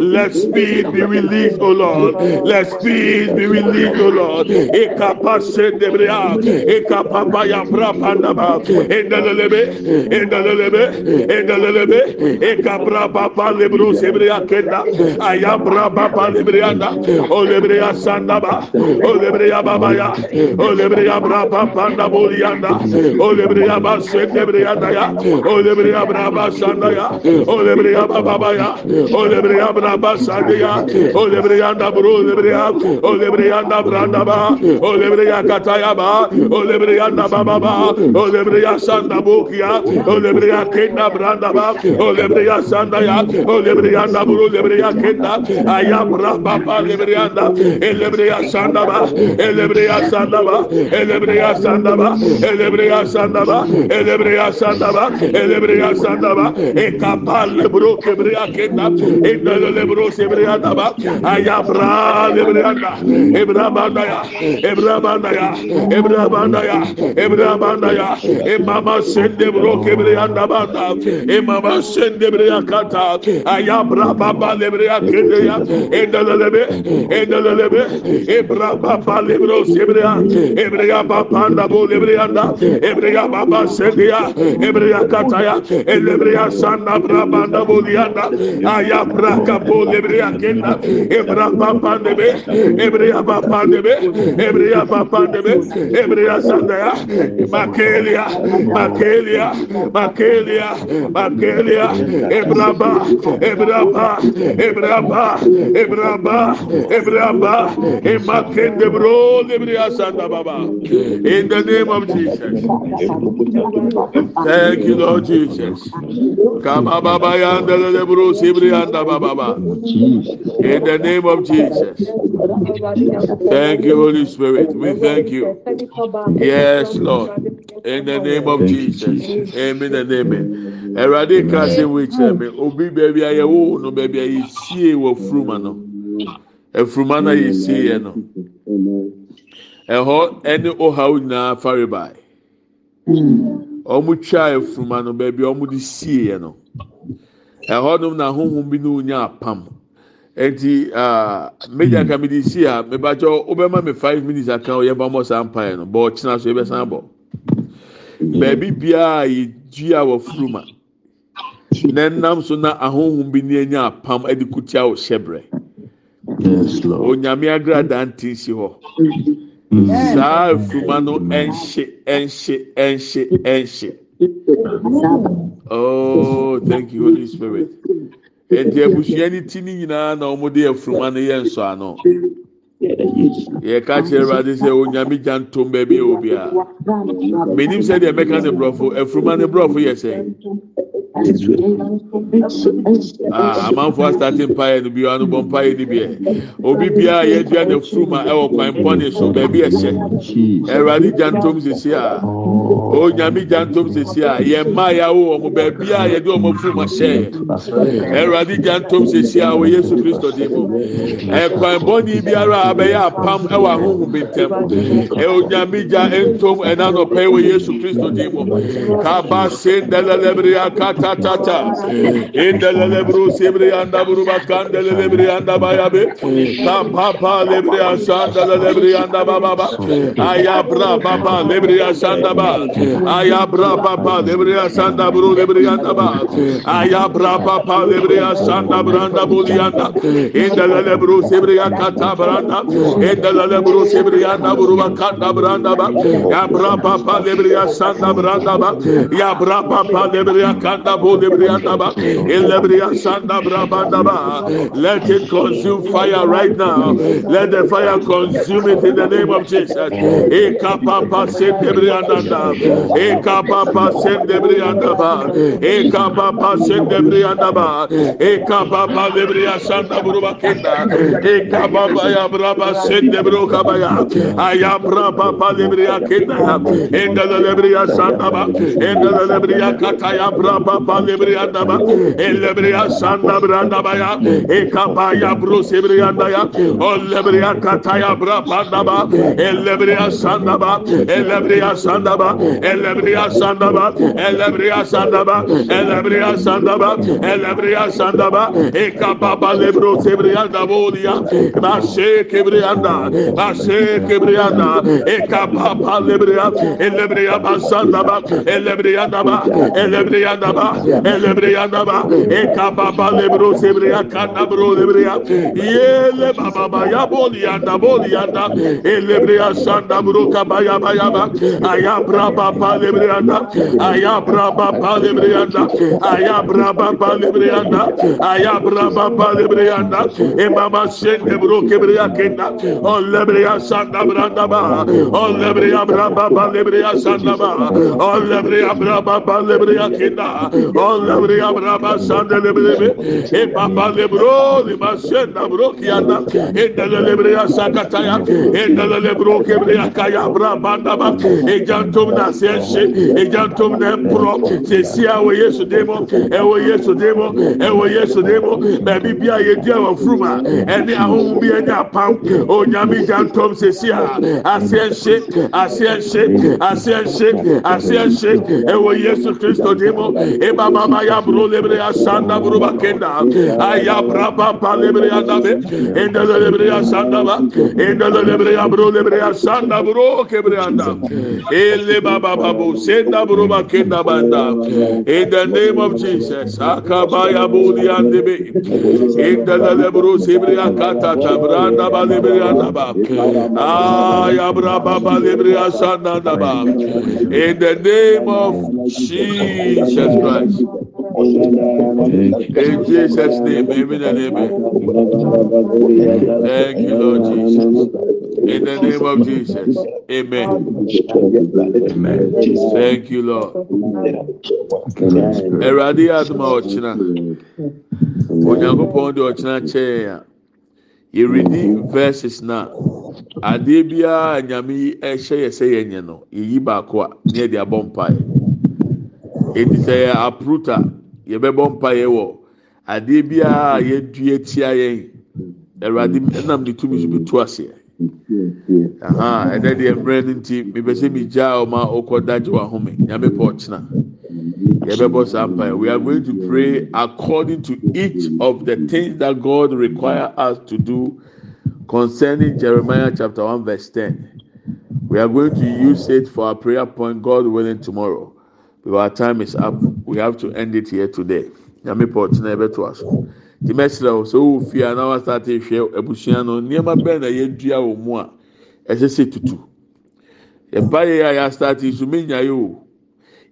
Let speed be released, O Lord. Let speed be released, O Lord. Ekapa Sendebrea, Ekapabaya Brabandaba, Endelebe, Endelebe, Endelebe, Ekabraba Lebro Sebrea Kenda, Ayabraba. brapapaebrana o lebereya sandaba o leebereyababaya o lebereya brapa pannaboliyanna o leebereyabaselebreyadaya o lebereya brapa sandaya o lebereyabababaya o leebereya brapa sandiya o leebereya ndaburu o lebreyanda brandaba o leebereya katayaba o leebereyanda bababa o leebereya sandabokya o lebereya kena brandaba o leebereya sandaya o lebereyandaburu lebereyakea Ayabra ah, baba lebriyanda elebriya sandaba elebriya sandaba elebriya sandaba elebriya sandaba elebriya sandaba elebriya sandaba e kapal lebro kebriya kenda e dele lebro sebriya daba ayamra lebriyanda ebrabanda ya ebrabanda ya ebrabanda ya ebrabanda ya e mama sende bro kebriya daba e mama sende briya kata ayamra baba lebriya kenda Sebreya, Endalebe, Endalebe, Ebra Papa Libro Sebreya, Ebreya Papa Nabo Libreanda, Ebreya Papa Sebreya, Ebreya Kataya, Elebreya Sanda Braba Nabo Lianda, Aya Braka Po Libreya Kenda, Ebra Papa Nebe, Ebreya Papa Nebe, Ebreya Papa Nebe, Ebreya Sandaya, Makelia, Makelia, Makelia, Makelia, Ebraba, Ebraba, Ebraba, Ebraba, Ebraba, Emaken de Bro, Santa Baba. In the name of Jesus. Thank you, Lord Jesus. Kama Baba Yanda de Bro, Sibri Baba. In the name of Jesus. Thank you, Holy Spirit. We thank you. Yes, Lord. In the name of Jesus. Amen and amen. Obi baby no baby furuma no efuruma no a yɛsie yɛ no ɛhɔ ɛne ohaw nyinaa faribae wɔn twa efuruma no baabi a wɔde sie yɛ no ɛhɔ nom na ahohom bi no nya apam eti aa meja ka mi di si a mebakyɛ wobɛma mi five minutes aka yɛ bambɔ saa mpaeɛ no bɔ ɔkyena so yɛ bɛ san bɔ baabi biara yɛ dua wɔ furuma na ɛnam so na ahohom bi ne anya apam de kutia wo hyɛbrɛ onyame agradaa nti si hɔ mm. saa afuruma no ɛnhye ɛnhye ɛnhye ɛnhye oh thank you holy spirit nti abusua ne ti ne nyinaa na wɔn de afuruma no yɛ nsɔ ano yɛka kyerɛ awurade sɛ onyame gya ntom baabi a obiara menim sɛ deɛ mɛka ne borɔfo afuruma ne borɔfo yɛ sɛ amanfo ah, asate mpaeɛ no biara no bɔ mpaeɛ no biɛ e. obi biara yɛdua ne furuma ɛwɔ kwan bɔne so baabi ɛhyɛ ɛwurade gya ntom sisi a onyame gya ntom sisi a yɛn mmaa yɛawo wɔn baabi a yɛde wɔn furuma hyɛ ɛwurade gya ntom sisi a wɔ yesu kristo dim ɛkwan bɔne biara abɛyɛ apam ɛwɔ ahohom ntɛm onyame gya ntom ɛnanɔpɛ wɔ yesu kristo dim kaba se ndɛlɛlɛbere akata. katata indelele bru sibri anda buru bakan delele anda bayabe Ta papa lebri asanda lebri anda baba ba aya bra papa lebri asanda ba aya bra papa lebri asanda buru lebri anda ba aya bra papa lebri asanda branda buli anda indelele bru sibri akata branda indelele bru sibri anda buru bakanda da branda ba ya bra papa lebri asanda branda ba ya bra papa lebri akanda Let it consume fire right now. Let the fire consume it in the name of Jesus. Eka Papa Sende Briandaba, Eka Papa Sende Eka Eka Eka Kataya Brababa. palebriyanda ba elebriya sanda branda ba ya ekapa ya brusebriyanda ya olebriya kataya bra panda ba elebriya sanda ba elebriya sanda ba elebriya sanda ba elebriya sanda ba elebriya sanda ba elebriya sanda ba ekapa palebro sebriyanda bolia bashe kebriyanda bashe kebriyanda ekapa palebriya elebriya basanda ba elebriya da ba elebriya da ba elebriya daba ekababa lebro bro, kanabro lebriya yele baba ya bol yanda bol yanda elebriya sanda bro kabaya baya ba ayabra baba lebriya da ayabra baba lebriya da ayabra baba lebriya da ayabra baba lebriya da e baba şende bro kebriya kenda o sanda şanda da ba o lebriya bra baba lebriya sanda ba o lebriya bra baba lebriya kenda Thank you. abra basanda bro akaya ba jantum na jantum na yesu demo wo yesu demo wo yesu demo o jantum wo yesu demo eba baba ya bro lebre ya sanda bro bakenda aya bra papa lebre ya dabe enda lebre ya sanda ba enda lebre ya bro lebre ya sanda bro kebre anda ele baba babu senda bro bakenda banda in the name of Jesus akabaya budi andebe enda lebre sebre ya kata tabranda ba lebre ya daba aya ah, bra baba lebre ya sanda daba in the name of Jesus jn nme of jesusmnl awurade yɛ adoma ɔkyena onyankopɔn de ɔkyena kyɛɛ a yɛredi verses no adeɛ biara nyame yi ɛhyɛ yɛ sɛ yɛnyɛ no yɛyi baako a ne ɛde abɔmpae eti sɛ yɛ mpa yɛ wɔ adeɛ a yɛdua tia ɛnam ne so bi to aseɛ ɛnɛ deɛ mmerɛ nti mepɛ sɛ ɔma nyame ɔkyena we are going to pray according to each of the things that god require us to do concerning jeremiah chapter 1 verse 10 we are going to use it for our prayer point god willing tomorrow our time is up we have to end it here today nyame paul tena ɛbɛto aso di o sɛ fi na wa start ehwɛ abusua no nneɛma bɛn na yɛdua wɔn mu a ɛsɛ sɛ tutu ɛba yɛ a yɛ start yi so menya yi o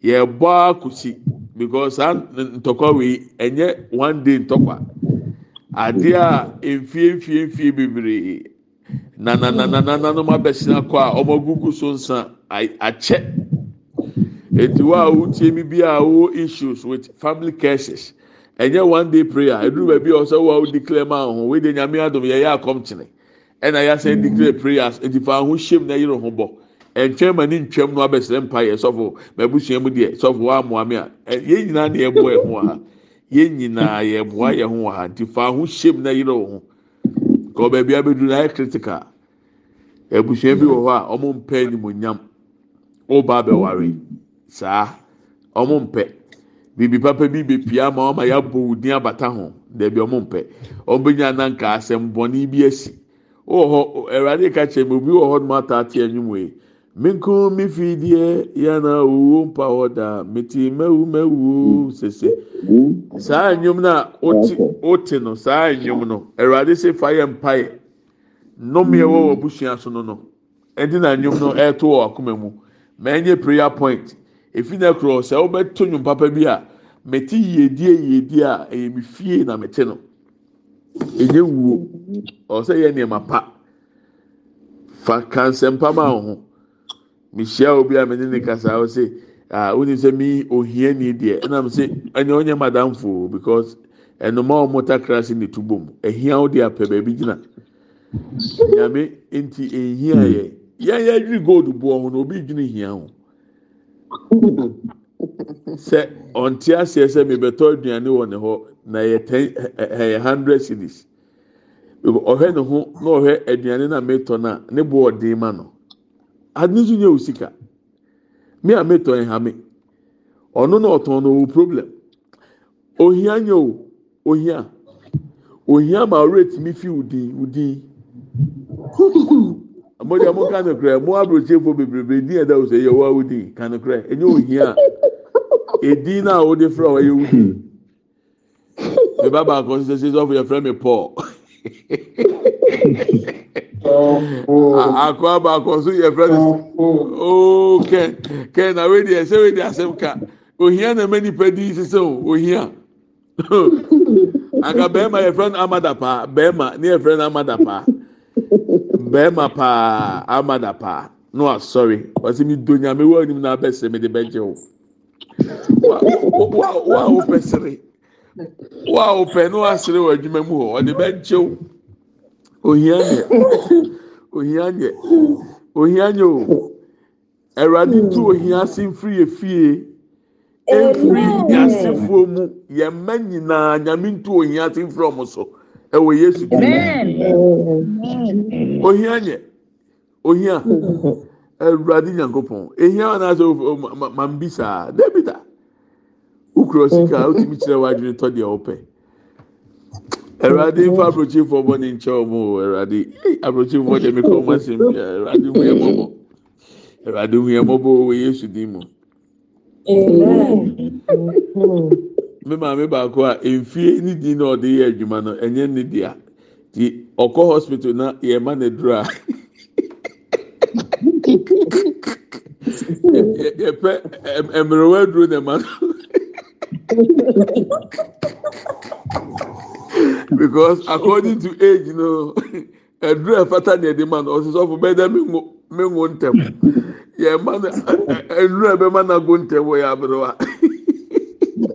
yɛbɔ akosi because saa ntɔkwa wei ɛnyɛ one day ntɔkwa adeɛ a mfie mfie mfie bebree na na na na na na no ma bɛsina kɔ a wɔn agugu so nsa akyɛ. eti wo a wotie mi bi a issues with family cases ɛnyɛ one day prayer eduru baabi a ɔsɛ wo a wo declare ma ho wei de nyame adum yɛyɛ akɔmkyene ɛna yɛasɛ declare prayers eti fa ho hyɛm na yɛrɛ ho bɔ ntwɛn ma ne ntwɛn no abɛsrɛ mpa yɛ sɔfo mɛbusua mu deɛ sɔfo a na yɛboa yɛn ho ha yɛn nyinaa yɛboa yɛn ho ha na na critical a nyam saa ɔmo mpɛ bibi papa bi bɛ pia ma ɔma yabɔ wudin abata ho dɛbi ɔmo mpɛ ɔmo bɛ nya nanka asɛm bi esi wɔ hɔ ɛwurade ka kyerɛ mi obi wɔ hɔ nom ata ate anim yi minko mi fi deɛ yana owo mpa hɔ da meti mɛwu mɛwu sese saa nnwom na oti oti no saa nnwom no ɛwurade se fa yɛ mpa yɛ nnome ɛwɔ wɔ busua so no no ɛdi na nnwom no ɛɛto wɔ akoma mu mɛ n prayer point. efi na korɔ sɛ wobɛto nwom papa bi a mɛti yiedie yiedie a ɛyɛ mi fie na mɛti no enye wuo ɔsɛ yɛ nneɛma pa fa kansɛmpa ma ho mehyia obi a mɛne ne kasa ɔsɛ a woni sɛ mi ohia ni deɛ ɛnam sɛ ɛnɛ ɔnyɛ madamfo because ɛnuma wɔn takra si ne tubo mu ehia wo de apɛ baabi gyina nyame nti ehia yɛ yɛn yɛ adwi gold boɔ ho na obi dwi hia ho. sɛ ɔnte aseɛ sɛ mebɛtɔ aduane wɔ ne hɔ na yɛ ten ɛyɛ hundred cities ɔhwɛ ne ho na ɔhwɛ aduane na metɔ na ne bo ɔden ma no adi nso nyɛ osika me a metɔ ɛhame ɔno na ɔtɔn no o problem ohia nyɛ o ohia ohia ma ɔretumi fi udin udin. mo deɛ mo ka no korɛ mo aburokyefo bebrebe din ɛda o sɛ yɛ wa wudi ka no korɛ enye ohia edin na o de fura wa yɛ wudi mi ba baako sɛ sɛ sɔfo yɛ fɛ mi paul akɔ baako so yɛ fɛ mi ooo kɛn kɛn na wei deɛ sɛ wei deɛ asɛm ka ohia na mɛ nipa di sisan o ohia anka bɛrima yɛ fɛ no amada paa bɛrima ne yɛ fɛ no amada paa bɛrima paa ama paa no asɔre ah, wɔsi mi do nyame wɔ anim na mi de bɛgye wo wa wa wa wo pɛ sere wa wo pɛ no asere ah, wɔ adwuma mu hɔ ɔde bɛgye wo ohia nyɛ ohia nyɛ ohia nyɛ o ɛwurade tu ohia si nfiri yɛ fie efiri yɛ e asefoɔ mu yɛ mɛ nyinaa nyame ntu ohia si nfiri ɔmo so ɛwɔ yesu kristu ohia nyɛ ohia awurade nyankopɔn ehia wɔn asɛ mambi saa debita ukuro sika otumi kyerɛ wadwene tɔ deɛ ɔpɛ awurade nfa aburokyifoɔ bɔ ne nkyɛn wɔn o awurade aburokyifoɔ deɛ mekɔ wɔn asɛm bi awurade hu yɛ mɔbɔ awurade hu yɛ mɔbɔ wɔ yesu din mu me maame baako a mfie ne din na ɔde yɛ adwuma no ɛnyɛ ne dea ti ɔkɔ hospital na yɛ ma ne duro a yɛpɛ mmerewa duro na ma no because according to age you no know, ɛduro ɛfata ne ɛde ma no ɔsosɔfo bɛɛ dɛ mi ŋo mi ŋo ntɛm yɛ ma no ɛduro ɛbɛ ma na go ntɛm wɔ yɛ aberewa.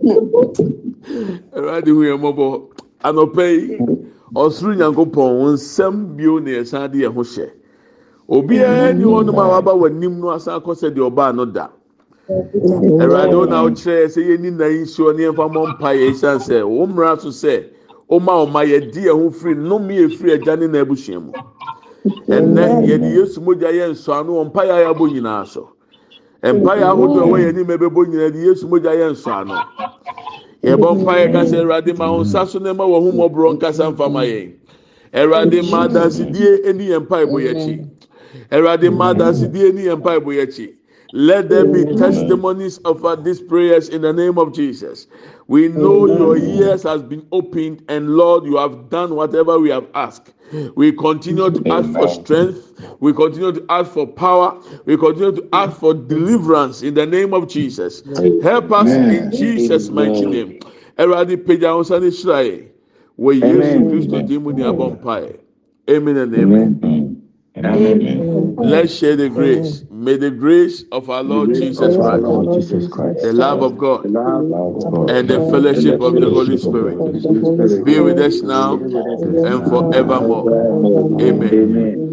awurade hu yɛ mmɔbɔ anɔpɛ yi ɔsoro nyankopɔn nsɛm bio na yɛsan de ho obiara a waba asan da na wokyerɛ sɛ yɛni na nsuo ne yɛmfa mmɔ mpa yɛ ɛsiane sɛ wo mmara so sɛ woma ɔma yɛdi yɛn ho firi agya na abusua mu ɛnɛ yɛde yesu mpa mpaeɛ ahodoɔ wɔyɛ ni ma ɛbɛbɔ nyinaa de yesu mogya yɛ nsɔ ano yɛbɔ mpaeɛ kasa awurade ma wɔn nsa so na ɛma wɔn ho mɔborɔ nkasa mfa ma yɛn awurade ma adansidie ɛni yɛn mpaeɛ bɔ yɛn akyi awurade ma adansidie ɛni yɛn mpaeɛ bɔ yɛn akyi let there be testimonies of uh, these prayers in the name of jesus. We know your ears has been opened, and Lord, you have done whatever we have asked. We continue to ask for strength. We continue to ask for power. We continue to ask for deliverance in the name of Jesus. Help us in Jesus' mighty name. Everybody, peja onsa ni shiraye. Wo Yesu Amen and amen. Amen. Let's share the grace. May the grace of our Lord, Jesus, Christ, the love of God, God and the fellowship of the Holy Spirit be with us now and forevermore. Amen.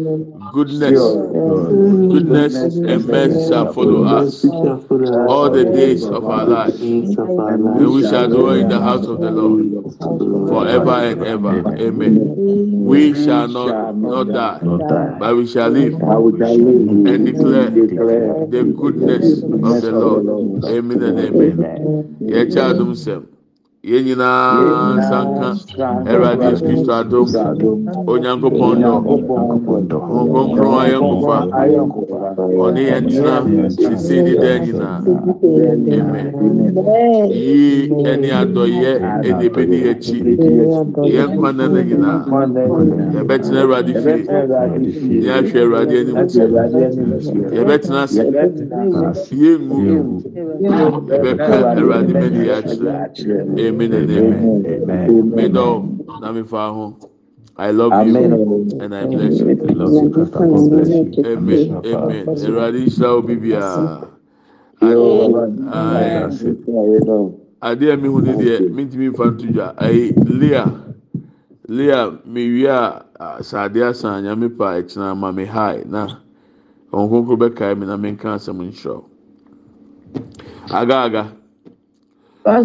Goodness, goodness and mercy shall follow us all the days of our life, and we shall dwell in the house of the Lord forever and ever. Amen. We shall not, not die, but we shall live and declare. the goodness of the lod eminanben yacadumsem yɛn nyinaa nsanka ɛwurade yesu kristo adom onyankopɔn dɔ nkonkron ayɛ nkofa ɔne yɛn tena sisi ne dan nyinaa amen yi ɛne adɔyɛ ɛne ebedi akyi yɛn kwan na ne nyinaa yɛbɛtena ɛwurade fie yɛn ahwɛ ɛwurade anim ti yɛbɛtena ase yɛn ngu yɛbɛka ɛwurade mɛ ne yɛ akyerɛ amen. eaɛ ɛ eaaapaamahɛaa Ah,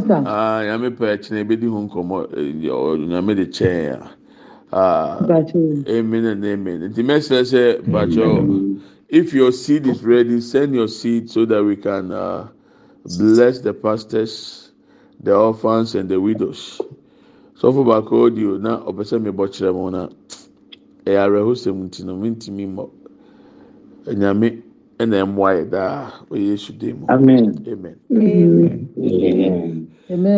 nyame pɛ kyena ibɛdi ho kɔmmɔnyame eh, de kyɛɛamamen ah, nti meɛsrɛ sɛ patyɛo if your seed is readi send your seed so that we can uh, bless the pastors the offans an the widows sɛ fo baakoɔdio na ɔpɛ sɛ mebɔkyerɛ m no ɛyɛwerɛho sɛmu nti no mentimi mɔ nyame ɛna ɛmoa yɛ daa ɔyɛ yesu amen amen, amen. amen.